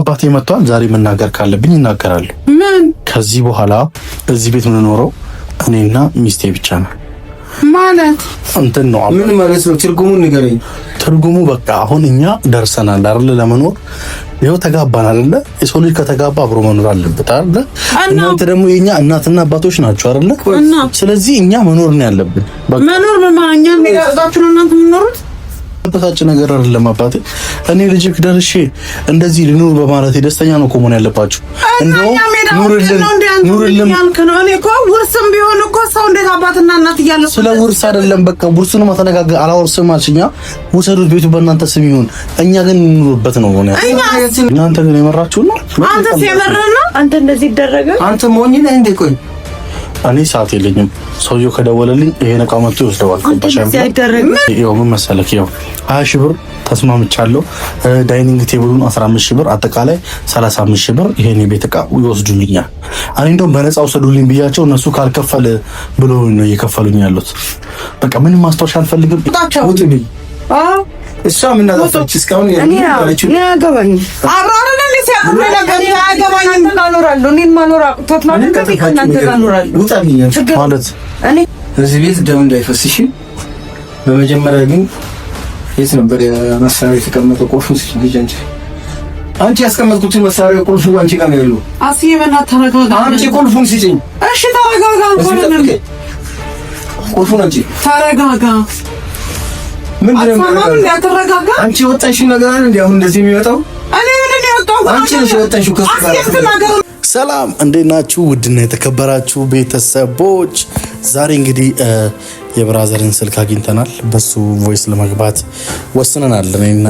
አባቴ መጥቷል። ዛሬ መናገር ካለብኝ ይናገራሉ። ምን ከዚህ በኋላ እዚህ ቤት የምንኖረው እኔና ሚስቴ ብቻ ነው። ማለት እንትን ነው። ምን ማለት ነው? ትርጉሙ ንገረኝ። ትርጉሙ በቃ አሁን እኛ ደርሰናል አይደል? ለመኖር ይኸው ተጋባናል አይደል? የሰው ልጅ ከተጋባ አብሮ መኖር አለበት አይደል? እናንተ ደግሞ የኛ እናትና አባቶች ናቸው አይደል? ስለዚህ እኛ መኖር ነው ያለብን። መኖር በማኛ ነው። እናንተ የምትኖሩት በታጭ ነገር አይደለም አባቴ። እኔ ልጅ ደርሼ እንደዚህ ልኑር በማለት ደስተኛ ነው እኮ መሆን ያለባችሁ። እንደው ኑርልን ኑርልን ነው። እኔ እኮ ውርስም ቢሆን እኮ ሰው እንዴት አባትና እናት እያለ ስለ ውርስ አይደለም። በቃ ውርሱን ማተነጋገ አላወርስም አልሽኛ። ውሰዱት፣ ቤቱ በእናንተ ስም ይሁን፣ እኛ ግን እንኑርበት ነው ሆነ። እናንተ ግን የመራችሁ ነው። አንተ ሲመረና አንተ እንደዚህ ይደረጋል። አንተ ሞኝ ነህ እንዴ? ቆይ እኔ ሰዓት የለኝም። ሰውየው ከደወለልኝ ይሄን እቃ መጥቶ ይወስደዋል። ይኸው ምን መሰለክ፣ ይኸው ሀያ ሺህ ብር ተስማምቻለሁ። ዳይኒንግ ቴብሉን 15 ሺህ ብር፣ አጠቃላይ 35 ሺህ ብር ይሄን የቤት እቃ ይወስዱልኛል። እኔ እንደውም በነፃ ውሰዱልኝ ብያቸው እነሱ ካልከፈል ብሎ ነው እየከፈሉኝ ያሉት። በቃ ምንም ማስታወሻ አልፈልግም። እሷ ምን አጠፋች? እስካሁን ያለችው እዚህ ቤት ደም እንዳይፈስሽ። በመጀመሪያ ግን የት ነበር መሳሪያ የተቀመጠው? ቆልፉን ስጪኝ። አንቺ አንቺ ያስቀመጥኩትን መሳሪያ ቁልፉ አንቺ ጋር ነው ያለው። አስዬ በእናትህ ተረጋጋ። አንቺ ቁልፉን ስጪኝ። እሺ ተረጋጋ። ቁልፉን አንቺ ተረጋጋ አንቺ የወጣሽው ነገር አለ እንዴ? አሁን እንደዚህ የሚወጣው አንቺ ነሽ የወጣሽው። ሰላም እንዴት ናችሁ? ውድና የተከበራችሁ ቤተሰቦች ዛሬ እንግዲህ የብራዘርን ስልክ አግኝተናል። በሱ ቮይስ ለመግባት ወስነናል። እኔና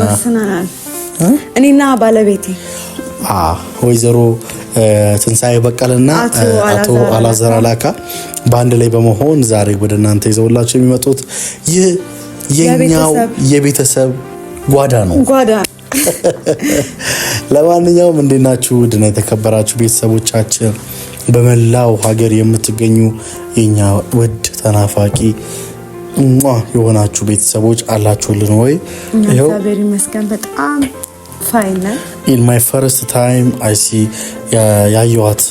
እኔና ባለቤቴ ወይዘሮ ትንሣኤ በቀልና አቶ አላዘር አላካ በአንድ ላይ በመሆን ዛሬ ወደ እናንተ ይዘውላቸው የሚመጡት ይህ የኛው የቤተሰብ ጓዳ ነው ጓዳ ለማንኛውም እንዴት ናችሁ? ውድና የተከበራችሁ ቤተሰቦቻችን በመላው ሀገር የምትገኙ የኛ ውድ ተናፋቂ ሟ የሆናችሁ ቤተሰቦች አላችሁልን ወይ? እግዚአብሔር ይመስገን በጣም ፋይን ነን። ኢን ማይ ፈርስት ታይም አይ ሲ ያየዋት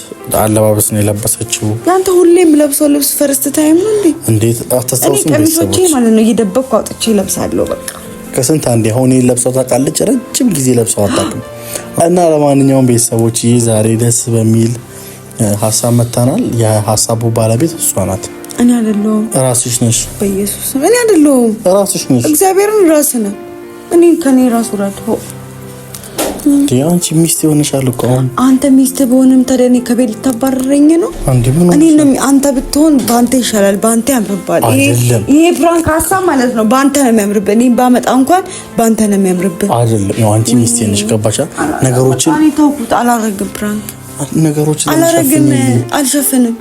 አለባበስ ነው የለበሰችው። ያንተ ሁሌም ለብሶ ልብስ ፈርስት ታይም ነው እንዴ? እንዴት አታስታውስ? ቀሚሶቼ ማለት ነው እየደበቅኩ አውጥቼ ለብሳለሁ። በቃ ከስንት አንዴ አሁን ለብሰው ታውቃለች። ረጅም ጊዜ ለብሰው አታውቅም። እና ለማንኛውም ቤተሰቦች ይህ ዛሬ ደስ በሚል ሀሳብ መታናል። የሀሳቡ ባለቤት እሷ ናት፣ እኔ አይደለሁም። ራስሽ ነሽ። በኢየሱስ እኔ አይደለሁም፣ ራስሽ ነሽ። እግዚአብሔርን ራስ ነው። እኔ ከኔ ራሱ ራድሆ አንቺ ሚስት የሆነሻል እኮ አሁን። አንተ ሚስት በሆንም ታዲያ እኔ ከቤት ልታባረረኝ ነው? ነው አንተ ብትሆን በአንተ ይሻላል፣ በአንተ ያምርባል። ይሄ ፍራንክ ሀሳብ ማለት ነው። በአንተ ነው የሚያምርብህ። እኔ ባመጣ እንኳን በአንተ ነው የሚያምርብህ። አይደለም አንቺ ሚስት ነሽ፣ ገባሻ? ነገሮችን ተውኩት፣ አላረግም ፕራንክ ነገሮችን አልሸፍንም፣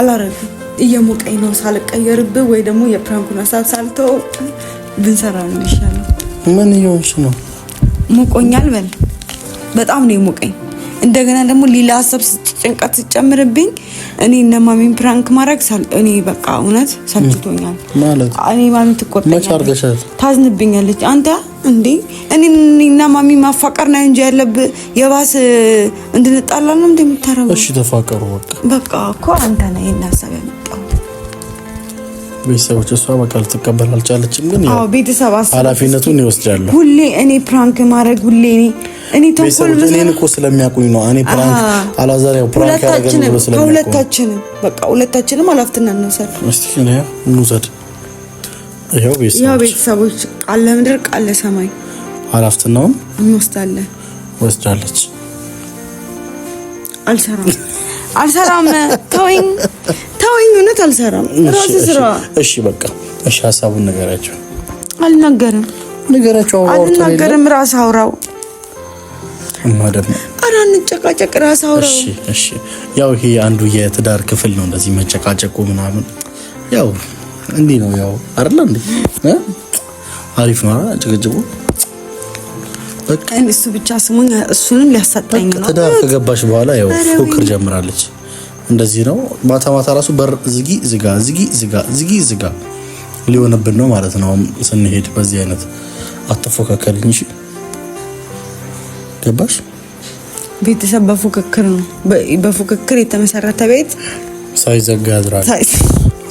አላረግም። እየሞቀኝ ነው ሳልቀየርብህ፣ ወይ ደግሞ የፕራንኩን ሀሳብ ሳልተው ብንሰራ ነው ይሻላል። ምን እየሆንሽ ነው? ሙቆኛል በል። በጣም ነው የሞቀኝ። እንደገና ደግሞ ሌላ ሀሳብ ጭንቀት ስጨምርብኝ እኔ እነ ማሚን ፕራንክ ማድረግ እኔ በቃ እውነት ሰልችቶኛል። እኔ ማሚ ትቆጣኛለች፣ ታዝንብኛለች። አንተ እንዴ እኔ እና ማሚ ማፋቀር ነው እንጂ ያለብ የባስ እንድንጣላ ነው እንደምታረጉ። እሺ ተፋቀሩ በቃ በቃ እኮ አንተ ነህ ይህን ሀሳብ ያመጣው ቤተሰቦች እሷ በቃ ልትቀበል አልቻለችም፣ ግን ቤተሰብ ኃላፊነቱን ይወስዳሉ። ሁሌ እኔ ፕራንክ ማድረግ ሁሌ እኔ እኔ ተንኮል እኔን እኮ ስለሚያውቁኝ ነው። እኔ ፕራንክ አላዛር ያው ፕራንክ ያደረገን ብሎ ሁለታችንም በቃ ሁለታችንም አላፍትና እንውሰድ። እስቲ እኔ እንውሰድ። ይኸው ቤተሰቦች ቃል ለምድር ቃል ለሰማይ አላፍትናውን እንወስዳለን። ወስዳለች። አልሰራም አልሰራም፣ ተወኝ አይ እውነት አልሰራም። ራስ ስራ። እሺ በቃ እሺ፣ ሀሳቡን ነገራቸው። አልናገርም። ነገራቸው። አልናገርም። ራስ አውራው ማለት ነው። ኧረ እንጨቃጨቅ። ራስ አውራው። እሺ፣ እሺ። ያው ይሄ አንዱ የትዳር ክፍል ነው፣ እንደዚህ መጨቃጨቁ ምናምን። ያው እንዲህ ነው ያው አይደለ እንዴ? አሪፍ ነው ጭቅጭቁ። እሱ ብቻ ስሙኝ፣ እሱንም ሊያሳጣኝ ነው። ትዳር ከገባሽ በኋላ ያው ፉክር ጀምራለች። እንደዚህ ነው። ማታ ማታ ራሱ በር ዝጊ ዝጋ ዝጊ ዝጋ ዝጊ ዝጋ ሊሆንብን ነው ማለት ነው ስንሄድ። በዚህ አይነት አትፎካከልኝ እንጂ ገባሽ? ቤተሰብ በፉክክር ነው። በፉክክር የተመሰረተ ቤት ሳይዘጋ ያድራል።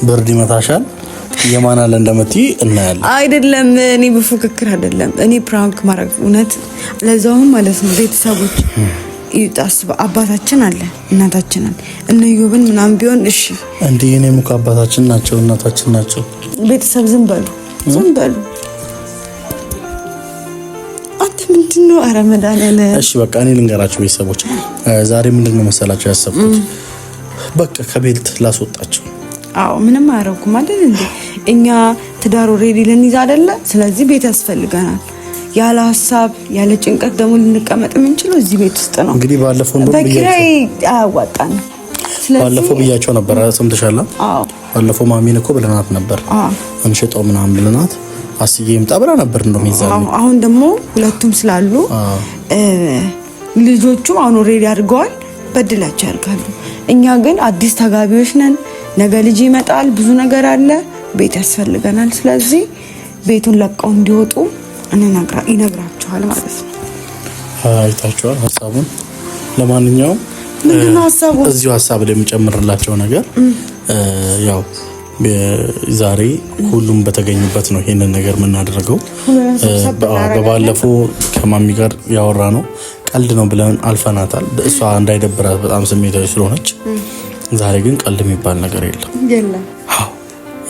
ብርድ ይመታሻል። የማን አለ እንደምትይ እናያለን። አይደለም እኔ በፉክክር አይደለም እኔ ፕራንክ ማድረግ እውነት ለዛውም ማለት ነው ቤተሰቦች ይጣስበ አባታችን አለ እናታችን አለ እነ ዮብን ምናምን ቢሆን እሺ፣ እንዲ እኔም እኮ አባታችን ናቸው እናታችን ናቸው። ቤተሰብ ዝም በሉ ዝም በሉ። አንተ ምንድን ነው መድኃኒዓለም። እሺ በቃ እኔ ልንገራቸው ቤተሰቦች፣ ዛሬ ምንድን ነው መሰላቸው ያሰብኩት፣ በቃ ከቤት ላስወጣቸው። አዎ ምንም አያረኩም አይደል እንዴ እኛ ትዳሩ ሬዲ ልንይዝ አይደለ? ስለዚህ ቤት ያስፈልገናል። ያለ ሀሳብ ያለ ጭንቀት ደግሞ ልንቀመጥ የምንችለው እዚህ ቤት ውስጥ ነው። እንግዲህ ባለፈው በኪራይ አያዋጣን። ባለፈው ብያቸው ነበር፣ ሰምተሻል? ባለፈው ማሚን እኮ ብለናት ነበር እንሸጠው ምናምን ብለናት አስዬ ይምጣ ብላ ነበር። እንደውም ይዛል። አሁን ደግሞ ሁለቱም ስላሉ ልጆቹም አሁን ኦልሬዲ አድርገዋል፣ በድላቸው ያድርጋሉ። እኛ ግን አዲስ ተጋቢዎች ነን። ነገ ልጅ ይመጣል፣ ብዙ ነገር አለ፣ ቤት ያስፈልገናል። ስለዚህ ቤቱን ለቀው እንዲወጡ ይነግራችኋል ማለት ነው። አይታችኋል ሀሳቡን። ለማንኛውም ምንድነው ሀሳቡ? እዚሁ ሀሳብ ላይ የምጨምርላቸው ነገር ያው ዛሬ ሁሉም በተገኙበት ነው ይሄንን ነገር የምናደርገው። በባለፈው ከማሚ ጋር ያወራ ነው ቀልድ ነው ብለን አልፈናታል። እሷ እንዳይደብራት በጣም ስሜታዊ ስለሆነች፣ ዛሬ ግን ቀልድ የሚባል ነገር የለም።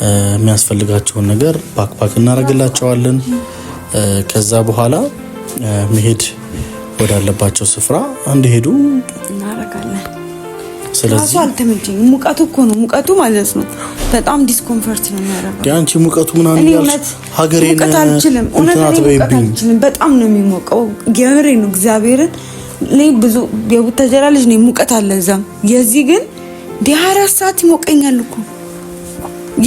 የሚያስፈልጋቸውን ነገር ባክባክ እናደርግላቸዋለን። ከዛ በኋላ መሄድ ወዳለባቸው ስፍራ እንዲሄዱ እናደርጋለን። ስለዚህ አልተመቸኝ። ሙቀቱ እኮ ነው ሙቀቱ ማለት ነው። በጣም ዲስኮምፈርት ነው የሚያደርገው። የአንቺ ሙቀቱ ምናምን ያልሽ ሀገሬን አልችልም። እውነት አትበይብኝ። በጣም ነው የሚሞቀው። የምሬ ነው እግዚአብሔርን። እኔ ብዙ የቡታጀራ ልጅ ነው ሙቀት አለ እዛም። የዚህ ግን ዲያራ ሰዓት ይሞቀኛል እኮ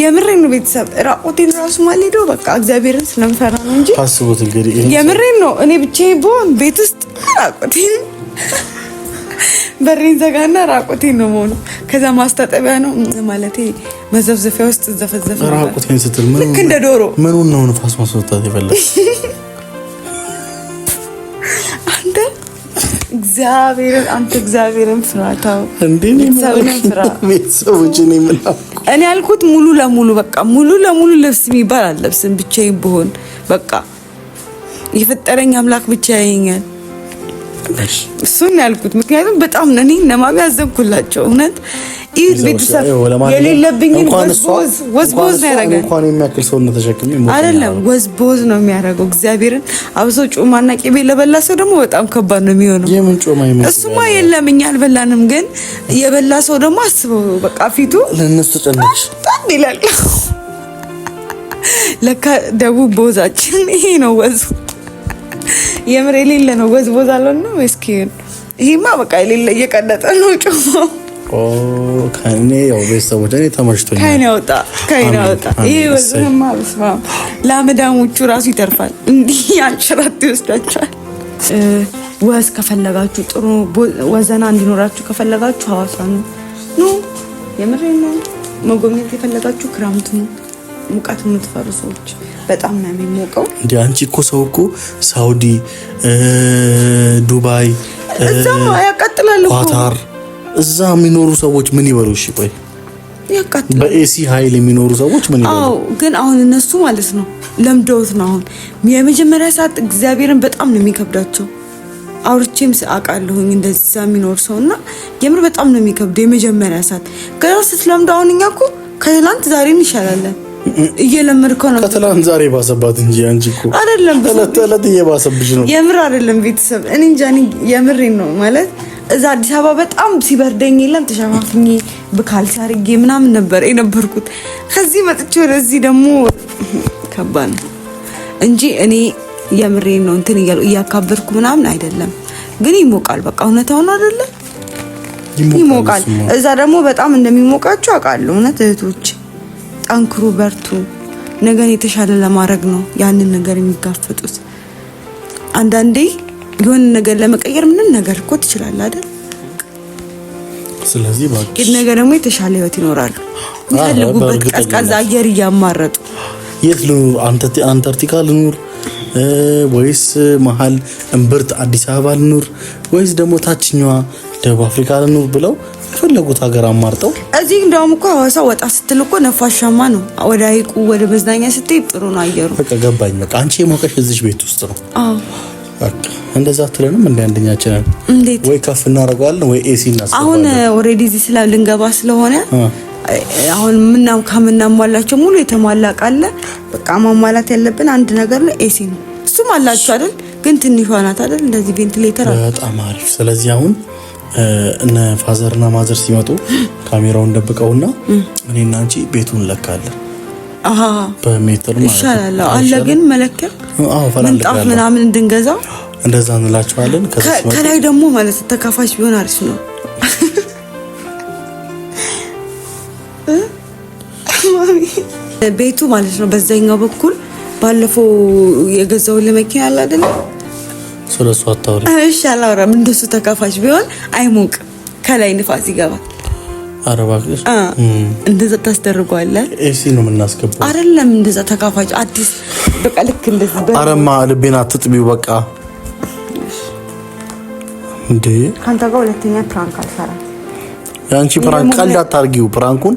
የምሬን ነው ቤተሰብ ራቆቴን ራሱ ማልሄዶ በቃ እግዚአብሔርን ስለምፈራ ነው እንጂ ታስቡት እንግዲህ የምሬን ነው። እኔ ብቻዬን ብሆን ቤት ውስጥ ራቆቴን በሬን ዘጋና ራቆቴን ነው መሆኑ። ከዛ ማስታጠቢያ ነው ማለቴ መዘፍዘፊያ ውስጥ ዘፈዘፈ ራቆቴን ስትል ልክ እንደ ዶሮ ምኑን ነው ንፋስ ማስወጣት የፈለግ አንተ እግዚአብሔርን አንተ እግዚአብሔርን ፍራታው እንዴ ቤተሰቦች ኔ ምናምን እኔ ያልኩት ሙሉ ለሙሉ በቃ ሙሉ ለሙሉ ልብስ የሚባል አለብስም ብቻዬን ብሆን በቃ የፈጠረኝ አምላክ ብቻ ያየኛል። እሱን ያልኩት ምክንያቱም በጣም እኔ እነማሚ ያዘንኩላቸው እውነት ይህ ነው እንኳን የሚያክል ሰው ተሸክሜ አይደለም ወዝቦዝ ነው የሚያደርገው። እግዚአብሔርን አብሶ ጮማና ቅቤ ለበላ ሰው ደግሞ በጣም ከባድ ነው የሚሆነው። እሱማ የለም እኛ አልበላንም፣ ግን የበላ ሰው ደግሞ አስበው፣ በቃ ፊቱ ለእነሱ ጨነች ጣም ይላል። ለካ ደቡብ ቦዛችን ይሄ ነው ወዙ። የምር የሌለ ነው ወዝቦዝ አለው እስኪ ይሄማ በቃ የሌለ እየቀለጠ ነው ጮማው ከኔ ያው ቤተሰቦች እኔ ተመችቶኛል። ከኔ ወጣ ከኔ ወጣ። ይሄ በዝህማ ብስማ ለአመዳሞቹ ራሱ ይተርፋል። እንዲህ አንሸራት ይወስዳቸዋል። ወዝ ከፈለጋችሁ ጥሩ ወዘና እንዲኖራችሁ ከፈለጋችሁ ሐዋሳ ነው ኑ። የምሬ ነው። መጎብኘት የፈለጋችሁ ክረምት ነው። ሙቀት የምትፈሩ ሰዎች በጣም ነው የሚሞቀው። እንዲ አንቺ እኮ ሰው እኮ ሳውዲ፣ ዱባይ፣ እዛ ያቃጥላል ኳታር እዛ የሚኖሩ ሰዎች ምን ይበሉ? እሺ ቆይ በኤሲ ኃይል የሚኖሩ ሰዎች ምን ይበሉ? ግን አሁን እነሱ ማለት ነው ለምደውት ነው። አሁን የመጀመሪያ ሰዓት እግዚአብሔርን በጣም ነው የሚከብዳቸው። አውርቼም አውቃለሁኝ እንደዛ የሚኖር ሰው እና የምር በጣም ነው የሚከብደው የመጀመሪያ ሰዓት። ገና ስትለምደው አሁን እኛ እኮ ከትላንት ዛሬ እንሻላለን። እየለመድከው ነው። ከትላንት ዛሬ ባሰባት እንጂ አንቺ እኮ አይደለም፣ ተለት ተለት እየባሰብሽ ነው። የምር አይደለም ቤተሰብ እኔ እንጃ የምሬን ነው ማለት እዛ አዲስ አበባ በጣም ሲበርደኝ የለም ተሸፋፍኜ በካልሲ አድርጌ ምናምን ነበር የነበርኩት። ከዚህ መጥቼ ወደዚህ ደግሞ ከባድ ነው እንጂ እኔ የምሬ ነው እንትን እያሉ እያካበርኩ ምናምን አይደለም፣ ግን ይሞቃል። በቃ ሆኖ አይደለም ይሞቃል። እዛ ደግሞ በጣም እንደሚሞቃችሁ አውቃለሁ። እውነት እህቶች ጠንክሩ፣ በርቱ። ነገን የተሻለ ለማድረግ ነው ያንን ነገር የሚጋፈጡት አንዳንዴ የሆነ ነገር ለመቀየር ምንም ነገር እኮ ትችላለህ አይደል? ስለዚህ ባክ ነገር ደግሞ የተሻለ ህይወት ይኖራሉ የሚፈልጉበት ቀዝቃዛ አየር እያማረጡ የት ልኑር? አንታርክቲካ ልኑር ወይስ መሀል እምብርት አዲስ አበባ ልኑር ወይስ ደግሞ ታችኛዋ ደቡብ አፍሪካ ልኑር ብለው የፈለጉት ሀገር አማርጠው እዚህ እንደውም እኮ ሐዋሳ ወጣ ስትል እኮ ነፋሻማ ነው። ወደ ሀይቁ ወደ መዝናኛ ስትሄድ ጥሩ ነው አየሩ። በቃ ገባኝ። በቃ አንቺ የሞቀሽ እዚሽ ቤት ውስጥ ነው። አዎ እንደዛ ትለንም እንደ አንደኛችንን እንዴት ወይ ከፍ እናደርገዋለን ወይ ኤሲ እናስገባለን። አሁን ኦልሬዲ እዚህ ስላ ልንገባ ስለሆነ አሁን ምናም ከምናሟላቸው ሙሉ የተሟላ ቃለ በቃ ማሟላት ያለብን አንድ ነገር ነው፣ ኤሲ ነው። እሱም አላችሁ አይደል? ግን ትንሿ ናት አይደል? እንደዚህ ቬንቲሌተር አለ። በጣም አሪፍ። ስለዚህ አሁን እነ ፋዘርና ማዘር ሲመጡ ካሜራውን ደብቀውና እኔና አንቺ ቤቱን ለካለን በሜትር ይሻላል አለ። ግን መለኪያ ምንጣፍ ምናምን እንድንገዛ እንደዛ እንላቸዋለን። ከላይ ደግሞ ማለት ተካፋሽ ቢሆን አሪፍ ነው። ቤቱ ማለት ነው በዛኛው በኩል ባለፈው የገዛውን ለመኪና አለ አይደለ? ስለሱ አታውሪ። እሺ አላወራም። እንደሱ ተካፋሽ ቢሆን አይሞቅም፣ ከላይ ንፋስ ይገባል። እንደዛ ታስደርጓለህ። ኤሲ ነው የምናስገባው አይደለም? እንደዛ ተካፋጭ አዲስ በቃ ልክ እንደዚህ አረማ ልቤን አትጥቢው በቃ እንዴ አንተ ጋር ሁለተኛ ፕራንክ አልሰራም። የአንቺ ፕራንክ ቀልድ አታርጊው። ፕራንኩን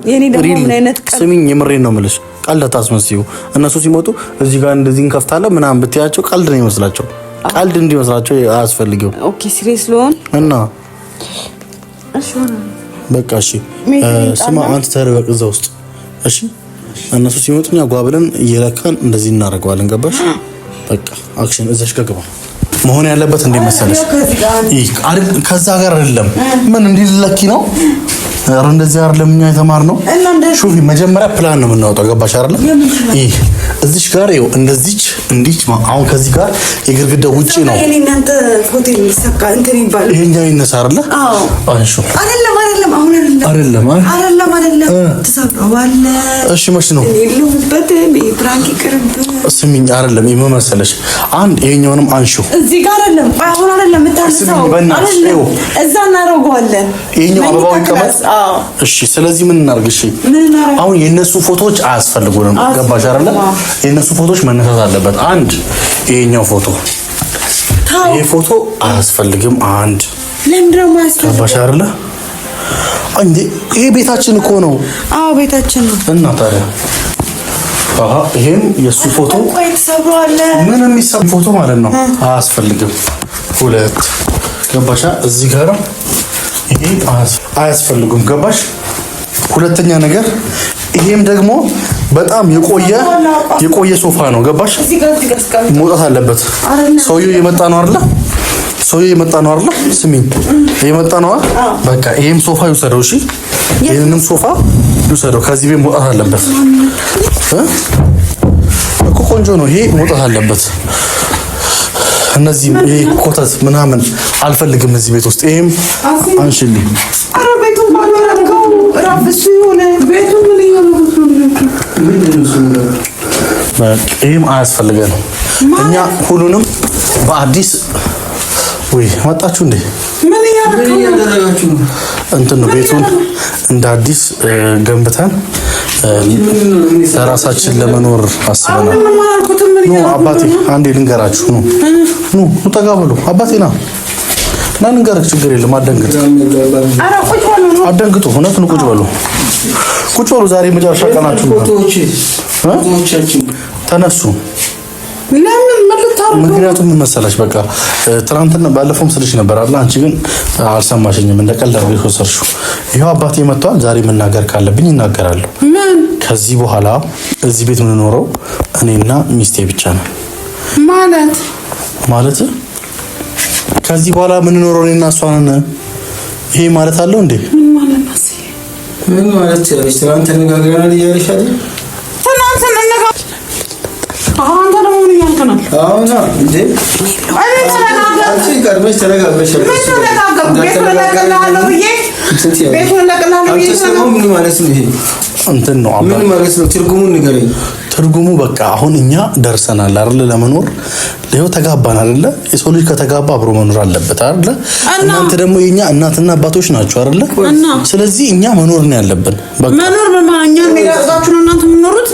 ስሚኝ፣ የምሬን ነው የምልሽ። ቀልድ አታስመስዩ። እነሱ ሲመጡ እዚህ ጋር እንደዚህ እንከፍታለን ምናምን ብትያቸው ቀልድ ነው ይመስላቸው። ቀልድ እንዲመስላቸው አያስፈልግም። ኦኬ ሲሪየስ ለሆን እና እሺ ሆነ በቃ እሺ፣ ስማ አንተ ተረበቅ እዛ ውስጥ እሺ። እነሱ ሲመጡ እኛ ጓ ብለን እየለካን እንደዚህ እናደርገዋለን። ገባሽ? በቃ አክሽን እዛሽ ጋር ግባ መሆን ያለበት እንዴት መሰለሽ? ከዛ ጋር አይደለም። ምን እንዲልለኪ ነው? ኧረ እንደዚህ አይደለም። እኛ የተማርነው ሹፊ መጀመሪያ ፕላን ነው የምናወጣው። ገባሽ አይደለም? ይህ እዚች ጋር ይኸው እንደዚች እንዲች አሁን ከዚህ ጋር የግድግዳ ውጪ ነው። ይሄኛው ይነሳ አይደለ? አሁን አይደለም አይደለም አይደለም ትሰብረዋለህ። እሺ መች ነው ፕራንክ ስሚኝ አይደለም የመመሰለሽ አንድ ይሄኛውንም አንሺው እዚህ ጋር አይደለም አሁን አይደለም እዛ እናደርገዋለን። ይሄኛው አበባው ይቀመጥ። እሺ ስለዚህ ምን እናድርግ? እሺ አሁን የእነሱ ፎቶዎች አያስፈልጉንም። ገባሽ አይደለም? የእነሱ ፎቶዎች መነሳት አለበት። አንድ ይሄኛው ፎቶ ይሄ ፎቶ አያስፈልግም። አንድ ለምንድን ነው የማያስፈልገው? ገባሽ አይደለ? ይሄ ቤታችን እኮ ነው። አዎ ቤታችን ነው። እና ታዲያ አሃ ይሄም የሱ ፎቶ ምን የሚሰብ ፎቶ ማለት ነው። አያስፈልግም። ሁለት ገባሻ? እዚህ ጋር ይሄ አያስፈልጉም። ገባሽ? ሁለተኛ ነገር ይሄም ደግሞ በጣም የቆየ የቆየ ሶፋ ነው። ገባሽ? መውጣት አለበት። ሰውዬው እየመጣ ነው አይደለ? ሰው የመጣ ነው አይደል? ስሚኝ፣ የመጣ ነው በቃ። ይሄም ሶፋ ይውሰደው፣ እሺ። ይሄንም ሶፋ ይውሰደው። ከዚህ ቤት መውጣት አለበት እኮ ቆንጆ ነው ይሄ፣ መውጣት አለበት። እነዚህ ይሄ ኮተት ምናምን አልፈልግም እዚህ ቤት ውስጥ። ይሄም አንሽልኝ። ኧረ ቤቱን ባዶ ራፍሱ ይሆነ ቤቱ ምን ይሆነ? ምን ይሄም አያስፈልገንም። እኛ ሁሉንም በአዲስ ወይ ወጣችሁ እንዴ? ምን እያደረጋችሁ ነው? እንትን ነው ቤቱን እንደ አዲስ ገንብተን ለራሳችን ለመኖር አስበናል። ኑ አባቴ አንዴ ልንገራችሁ። ኑ ኑ ኑ፣ ጠጋ በሉ አባቴ ና ና ልንገርህ። ችግር የለም አደንግጥ፣ አደንግጡ። እውነት ነው። ቁጭ በሉ፣ ቁጭ በሉ። ዛሬ መጨረሻ ቀናችሁ ተነሱ። ለምን ምክንያቱም ምን መሰለሽ፣ በቃ ትናንትና ባለፈውም ስልሽ ነበር አለ። አንቺ ግን አልሰማሽኝም፣ እንደ ቀልድ አድርገሽ ወሰድሽው። ይኸው አባቴ መጥቷል። ዛሬ መናገር ካለብኝ እናገራለሁ። ምን ከዚህ በኋላ እዚህ ቤት የምንኖረው እኔና ሚስቴ ብቻ ነው ማለት ማለት ከዚህ በኋላ የምንኖረው እኔና እሷ ነን። ይሄ ማለት አለው እንዴ? ምን ማለት ነው? ምን ማለት ትናንት ተነጋግረናል እያለሽ አይደል? ነው። አሁን እንዴ ትርጉሙ በቃ አሁን እኛ ደርሰናል አይደለ? ለመኖር ይኸው ተጋባን አይደለ? የሰው ልጅ ከተጋባ አብሮ መኖር አለበት አይደለ? እናንተ ደግሞ የኛ እናትና አባቶች ናቸው አይደለ? ስለዚህ እኛ መኖር ነው ያለብን። በቃ መኖር እናንተ የምትኖሩት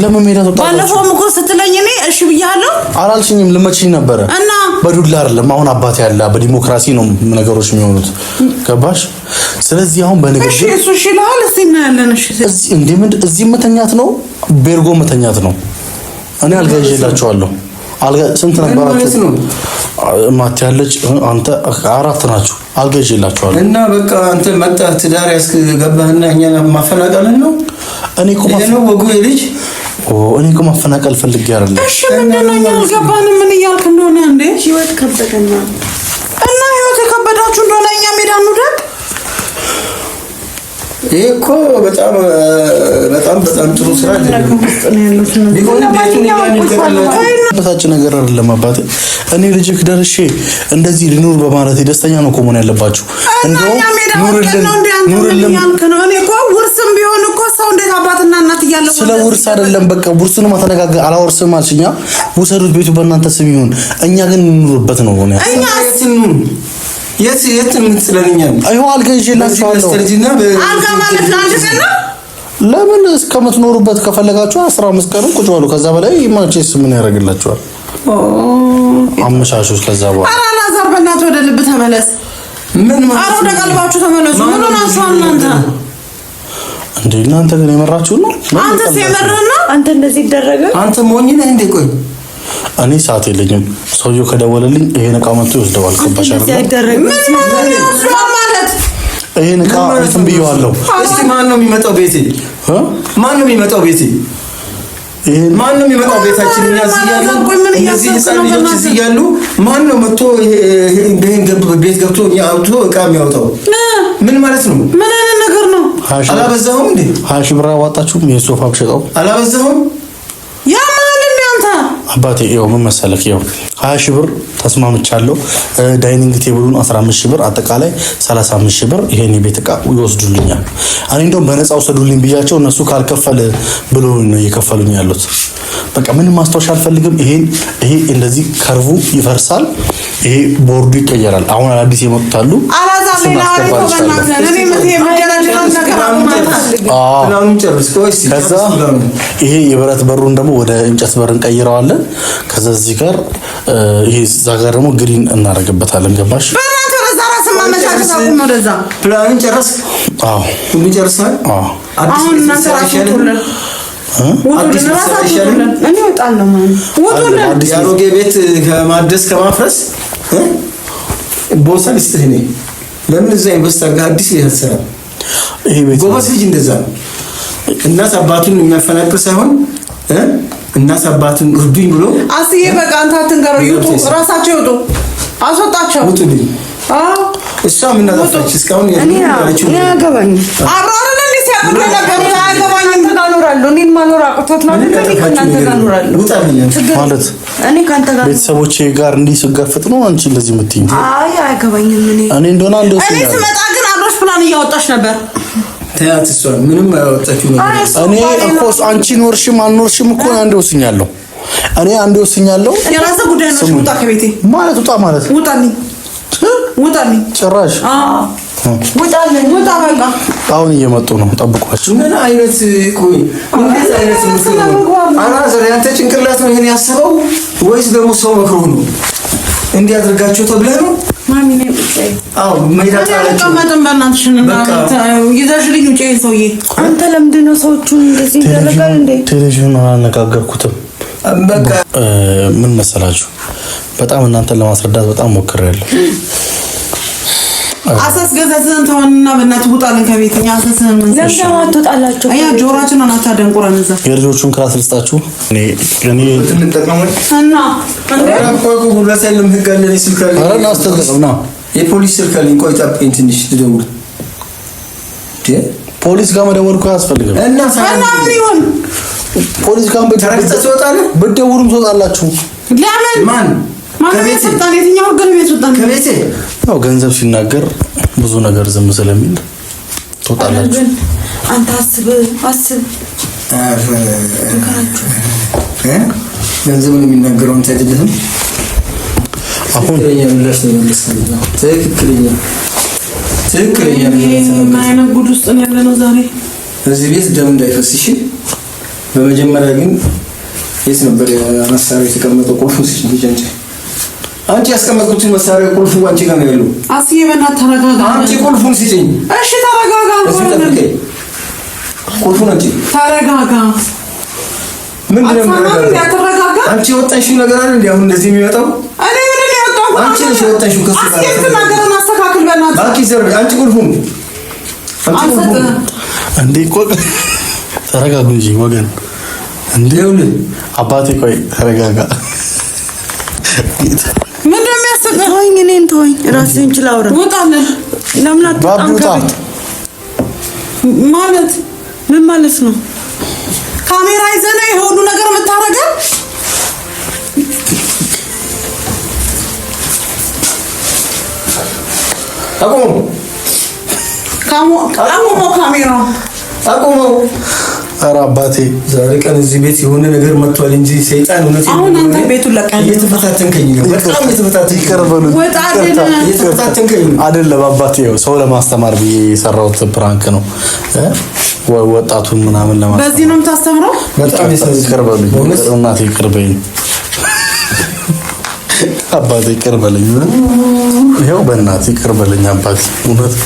ለምን ሜዳ ተወጣ? ባለፈው እኮ ስትለኝ እኔ እሺ ብያለሁ አላልሽኝም? ልመችኝ ነበረ እና በዱላ አይደለም አሁን አባት ያለ በዲሞክራሲ ነው ነገሮች የሚሆኑት። ገባሽ? ስለዚህ አሁን በንግግር እሺ፣ እሺ ለአል እዚህ እናያለን። እሺ፣ እዚህ እዚህ መተኛት ነው ቤርጎ መተኛት ነው። እኔ አልጋ ይዤላችኋለሁ። አልጋ ስንት ነበራችሁ? ማት ያለች አንተ አራት ናችሁ። አልጋ እና በቃ አንተ መጣ ትዳር ያስገባህና እኛን ማፈናቀልን ነው እኔ ወጉ ልጅ እኔ እኮ ማፈናቀል ፈልጌ አይደለም። እሺ ምንድን ነው አልገባንም። ምን እያልክ እንደሆነ እንዴ? ህይወት ከበደና እና ህይወት የከበዳችሁ እንደሆነ እኛ ሜዳ እንውደድ። ይህ እኮ በጣም በጣም በጣም ጥሩ ስራ በታች ነገር አይደለም አባቴ። እኔ ልጅህ ደርሼ እንደዚህ ሊኖር በማለት ደስተኛ ነው እኮ መሆን ያለባችሁ። እንደውም ኑርልን ኑርልን ሰው እንዴት አባትና እናት እያለው ስለ ውርስ አይደለም። በቃ ውርሱን ማተነጋገ አላወርስም አልሽኛ። ውሰዱት፣ ቤቱ በእናንተ ስም ይሁን፣ እኛ ግን እንኑርበት ነው ሆነ እኛ የት የት ምትስለኛል? አይሁ አልጋ ይዤላችኋለሁ። አልጋ ማለት ለአንድ ቀን ለምን እስከምትኖሩበት ከፈለጋችሁ አስራ አምስት ቀን ቁጭ በሉ። ከዛ በላይ ማቼስ ምን ያደርግላችኋል? አመሻሾች ከዛ በኋላ ኧረ አላዛር በእናትህ ወደ ልብ ተመለስ። ምን ማለት ነው? ኧረ ወደ ቀልባችሁ ተመለሱ። ምን ሆናችኋል እናንተ? እንዴ እናንተ ግን የመራችሁ ነው። አንተ ነው። አንተ እንደዚህ ይደረገ። አንተ ሞኝ ነህ እንዴ? ቆይ እኔ ሰዓት የለኝም። ሰውየው ከደወለልኝ ይሄን እቃ መጥቶ ይወስደዋል። ከባሽ አይደለም ይሄን እቃ እንትን ብየዋለሁ። እስቲ ማን ነው የሚመጣው ቤቴ? ማን ነው የሚመጣው ቤቴ? ይሄን ማን ነው የሚመጣው ቤታችን? እዚህ ያሉ እዚህ ህፃን ልጆች እዚህ ያሉ ማን ነው መጥቶ ይሄን ቤት ገብቶ እኛ አውጥቶ እቃ የሚያወጣው? ምን ማለት ነው? ምን አይነት ነገር ነው? አላበዛሁም እንዴ? ሀያ ሺህ ብር አዋጣችሁም? የሶፋ ብሸጠው አላበዛሁም? ያ ማለት ነው። አንተ አባቴ ይኸው ምን መሰለህ ይኸው ሀያ ሺህ ብር ተስማምቻለሁ። ዳይኒንግ ቴብሉን 15 ሺህ ብር አጠቃላይ 35 ሺህ ብር ይሄን የቤት እቃ ይወስዱልኛል። እኔ እንደውም በነፃ ውሰዱልኝ ብያቸው እነሱ ካልከፈል ብሎ ነው እየከፈሉኝ ያሉት። በቃ ምንም ማስታወሻ አልፈልግም። ይሄን ይሄ እንደዚህ ከርቡ ይፈርሳል፣ ይሄ ቦርዱ ይቀየራል። አሁን አዳዲስ የመጡት አሉ ይሄ የብረት በሩን ደግሞ ወደ እንጨት በር እንቀይረዋለን። ከዛ እዚህ ጋር ይሄ እዛ ጋር ደግሞ ግሪን እናደርግበታለን። ገባሽ? ፕላኑን ጨረስ። አዎ፣ ሁሉ ጨርሰን አሁን እናሰራለን። የአሮጌ ቤት ከማደስ ከማፍረስ ቦሳ ልስጥህ። እኔ ለምን እዛ ኢንቨስት አድርገህ አዲስ ያሰራ ጎበዝ ልጅ እንደዛ እናት አባቱን የሚያፈናቅል ሳይሆን እናት አባትን እርዱኝ ብሎ አስዬ በቃ አንተ አትንገረው፣ ይውጡ፣ ራሳቸው ይውጡ፣ አስወጣቸው። ውጡልኝ። እሷ ምን አጠፋች? እስካሁን እኔ ጋር ቤተሰቦቼ ጋር እንዲህ ነው አንቺ እንደዚህ የምትይኝ። አይ አያገባኝም። እኔ እንደሆነ አንድ እኔ ስመጣ ግን አብረሽ ፕላን እያወጣሽ ነበር ተያት እሷን ምንም አያወጣችሁ ነገር። እኔ እኮ አንቺ ኖርሽም አልኖርሽም እኮ አንድ ወስኛለሁ። እኔ አንድ ወስኛለሁ። የራስህ ጉዳይ ነው። ውጣ ከቤቴ ማለት ውጣ ማለት ውጣልኝ፣ ውጣልኝ። ጭራሽ ውጣልኝ፣ ውጣ በቃ። አሁን እየመጡ ነው፣ ጠብቋቸው። ምን አይነት ቆይ፣ እንዴት አይነት ምስል ነው? አላዛር ያንተ ጭንቅላት ነው ይሄን ያሰበው ወይስ ደግሞ ሰው መክሮ ነው እንዲህ አድርጋቸው ተብለህ ነው አንተ ለምንድን ነው ሰዎቹን እንደዚህ ይደረጋል? እንደ አላነጋገርኩትም። ምን መሰላችሁ፣ በጣም እናንተን ለማስረዳት በጣም ሞክሬያለሁ። አሰስ ገዛዝን ተዋንና በእናትህ ውጣልን ከቤተኛ አሰስን ምን ለምደው አትወጣላችሁ። አያ ጆሮአችንን አታደንቁረን። እዛ የልጆቹን ክላስ ልስጣችሁ። የፖሊስ ስልክ አለኝ። ቆይ ጠብቀኝ ትንሽ ልደውል። ፖሊስ ጋር መደወል እኮ አያስፈልግም። እና ምን ይሆን ፖሊስ ጋር ብትደውሉም ትወጣላችሁ። ለምን ማን ማን ቤት ወጣን? የትኛው ግን ቤት ወጣን? ከቤቴ ያው ገንዘብ ሲናገር ብዙ ነገር ዝም ስለሚል ትወጣላችሁ። አንተ አስብ አስብ። ገንዘብ የሚናገረው አንተ አይደለህም። አሁን ትክክለኛ ትክክለኛ ምን አይነት ጉድ ውስጥ ነው ያለነው ዛሬ እዚህ ቤት ደም እንዳይፈስሽ። በመጀመሪያ ግን የት ነበር አናሳሪ የተቀመጠው ቁልፍ ውስጥ አንቺ ያስቀመጥኩት መሳሪያ ቁልፉ አንቺ ጋር ነው ያለው። አስዬ በእናትህ ተረጋጋ። አንቺ ቁልፉን ስጪኝ። እሺ ተረጋጋ። ቁልፉን አንቺ ተረጋጋ። ምንድን ነው ያተረጋጋ? አንቺ የወጣሽው ነገር አለ እንዴ? አሁን እንደዚህ የሚወጣው እኔ ምን ያወጣው? አንቺ ነሽ የወጣሽው ከሱ ጋር። አስዬ ተናገረን፣ ማስተካከል በእናትህ። ባኪ ዘር አንቺ ቁልፉን አንቺ ቁልፉን እንዴ ቆቅ ተረጋጉ እንጂ ወገን እንዴ አባቴ ቆይ ተረጋጋ ተወኝ፣ እኔን ተወኝ። ራስህን ችላ አውራ። ለምን አትወጣም ከቤት? ማለት ምን ማለት ነው? ካሜራ ይዘና የሆኑ ነገር የምታረገው አቁሙ፣ አቁሙ፣ ካሜራው አቁሙ ኧረ አባቴ ዛሬ ቀን እዚህ ቤት የሆነ ነገር መጥቷል እንጂ ሰይጣን እውነት አሁን አንተ ቤቱን ለቀህ እየተፈታተንከኝ ነው። በጣም እየተፈታተንከኝ ነው። አይደለም አባቴ ያው ሰው ለማስተማር ብዬ የሰራሁት ፕራንክ ነው። ወጣቱን ምናምን ለማስተማር በዚህ ነው የምታስተምረው። በጣም ይቅር በሉኝ እናቴ፣ ይቅር በይኝ አባቴ፣ ይቅር በለኝ። ይኸው በእናትህ ይቅር በለኝ አባቴ፣ እውነት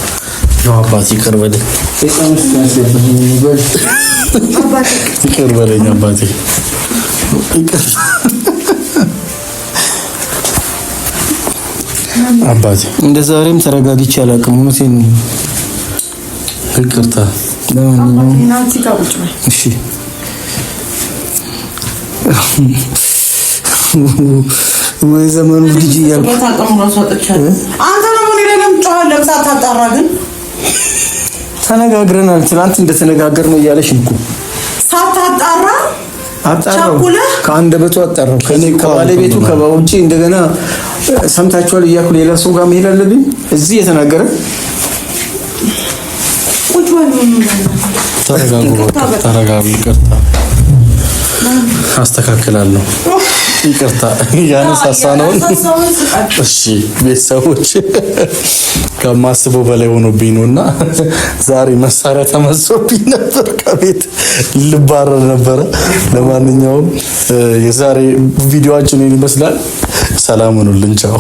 ነው አባቴ፣ ይቅር በለኝ። ይቅር በለኝ አባቴ። አባቴ እንደ ዛሬም ተረጋግቼ አላውቅም። እውነቴን ነው። ይቅርታ። እሺ ወይ ዘመኑ ልጅ እያልኩ ተነጋግረናል። ትናንት እንደተነጋገር ነው እያለሽ እኮ ሳታጣራ አጣራው ከአንደበቱ አጣራው ከባለቤቱ ውጭ እንደገና ሰምታችኋል እያልኩ ሌላ ሰው ጋር መሄድ አለብኝ። እዚህ የተናገረ ተረጋጉ፣ ተረጋጉ። ይቅርታ አስተካክላለሁ። ይቅርታ ያነሳሳ ነው። እሺ ቤተሰቦች ከማስበው በላይ ሆኖብኝ ነው እና ዛሬ መሳሪያ ተመሶብኝ ነበር። ከቤት ልባረር ነበረ። ለማንኛውም የዛሬ ቪዲዮችን ይመስላል። ሰላም ሁኑልን። ቻው